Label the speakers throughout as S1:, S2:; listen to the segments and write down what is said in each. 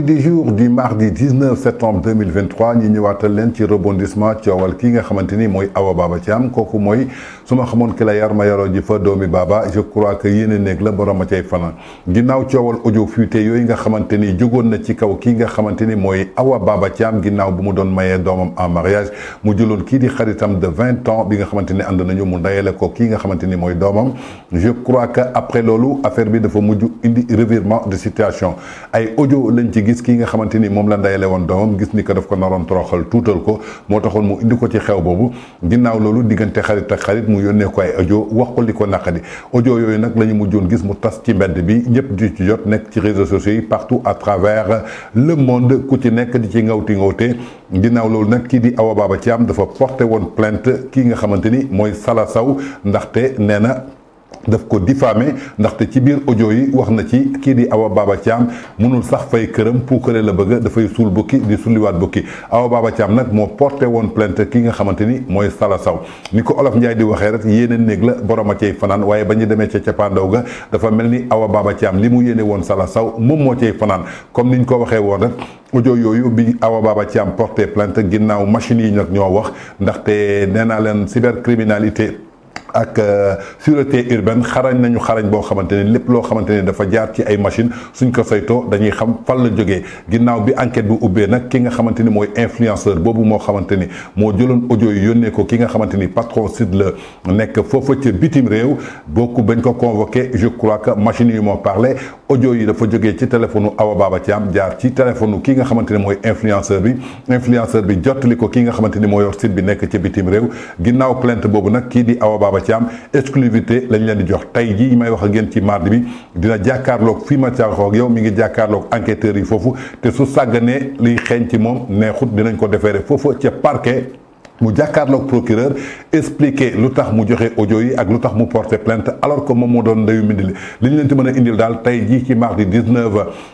S1: des jours du mardi 19 septembre 2023 ñu ñëwaatal leen ci rebondissement coowal kii nga xamante ni mooy Awa Baba Thiam kooku mooy su ma xamoon ki la yar ma yaroo ji fa doomi Baba je crois que yéen a néeg la borom a cay fanaan ginnaaw coowal audio fuité yooyu nga xamante ni jógoon na ci kaw kii nga xamante ni mooy Awa Baba Thiam ginnaaw bu mu doon mayee doomam en mariage mu jëloon kii di xaritam de 20 ans bi nga xamante ni ànd nañu mu ndayale ko kii nga xamante ni mooy je crois que après loolu affaire bi dafa mujj indi revirement de situation ay audio lañ ci gis ki nga xamante ni moom la ndayale woon doomam gis ni ko daf ko naroon toroxal tuutal ko moo taxoon mu indi ko ci xew boobu ginnaaw loolu diggante xarit ak xarit mu yónnee ko ay audio wax ko li ko naqadi audio yooyu nag la ñu mujjoon gis mu tas ci mbedd bi ñëpp di ci jot nekk ci réseaux sociaux yi partout à travers le monde ku ci nekk di ci ngawti ngawte ginnaaw loolu nag kii di Awa Baba Thiam dafa porté woon plainte ki nga xamante ni mooy Sala Sow ndaxte nee na daf ko diffamé ndaxte ci bir audio yi waxna ci ki di Awa Baba tiam mënul sax fay kërëm pour puukare la bëgg da fay sul bokki di wat bokki Awa Baba tiam nak mo porté won plainte ki nga xamanteni moy mooy Salla Sow ni ko Olof Ndiaye di waxé rek yene néeg la borom a fanan waye bañu démé ci demee ca ga dafa mel ni Awa Baba tiam limu yene won woon Salla Sow moom moo cay comme niñ ko waxé won rek audio yoyu bi Awa Baba tiam porté plainte ginnaw machine yi nak ño wax ndaxte nee naa leen cybercriminalité ak euh, sûreté urbaine xarañ nañu xarañ boo xamante ne lépp loo xamante ne dafa jaar ci ay machine suñ ko saytoo dañuy xam fan la jógee ginnaaw bi enquête bi ubbee nag ki nga xamante ni mooy influenceur boobu moo xamante ni moo jëloon audio yi yónnee ko ki nga xamante ni patron site la nekk foofa ca bitim réew bokku bañ ko convoqué je crois que machine yi moo parlé audio yi dafa jógee ci téléphone Awa Baba Thiam jaar ci téléphone kii nga xamante ne mooy influenceur bi influenceur bi jottali ko ki nga xamante ni moo yor site bi nekk ci bitim réew ginnaaw plainte boobu nag kii di Awa Baba Thiam exclusivité lañ leen di jox tey jii may wax a yéen ci mardi bi dina jàkkaarloog fii ma caaxoo yow mi ngi jàkkaarloog enquêteurs yi foofu te su sàgganee liy xeeñ ci moom neexut dinañ ko defeere foofu ca parquet mu jàkkaarloog procureur expliquer lu tax mu joxe audio yi ak lu tax mu porter plainte alors que moom moo doon ndeyu mindili li ñu leen ci mën a indil daal tey jii ci mardi 19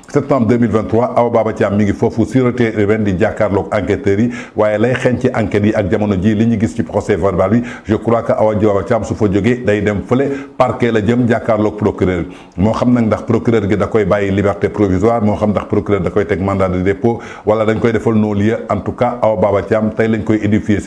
S1: septembre 2023 Awa Baba Thiam mi ngi foofu sûreté urbaine di jàkkaarloog enquêteurs yi waaye lay xeeñ ci enquêtes yi ak jamono ji li ñu gis ci procès verbal bi je crois que Awa Baba Thiam su fa jógee day dem fële parquet la jëm jàkkaarloog procureur bi moo xam nag ndax procureur gi da koy bàyyi liberté provisoire moo xam ndax procureur da koy teg mandat de dépôt wala dañ koy defal non lieu en tout cas Awa Baba Thiam tey lañ koy édifier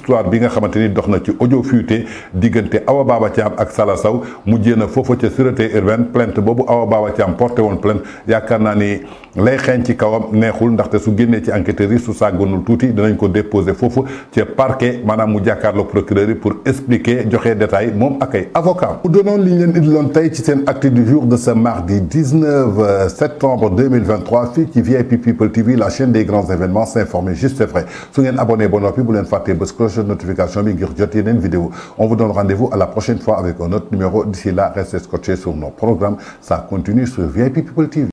S1: histoire bi nga xamanteni ni dox na ci audio fuité diggante Awa Baba Thiam ak sala saw mujjee na foofa ca sûreté urbaine plainte bobu Awa Baba Thiam porté woon plainte yaakaar naa ni lay xeeñ ci kawam neexul ndaxte su génnee ci enquêteurs yi su sagonul touti dinañ ko déposer fofu ci parquet manam mu jàkkaarloog procureur yi pour expliquer joxé détail mom ak ay avocat mu donon li ñu leen indiloon tey ci sen acte du jour de ce mardi 19 euh, septembre 2023 fii ci VIP People TV la chaîne des grands événements s'informer juste vrai su ngeen abonné ba noppi bu leen fàttee bés cloche notification bi une vidéo on vous donne rendez-vous à la prochaine fois avec un autre numéro d'ici là restez scotché sur nos programmes ça continue sur VIP People TV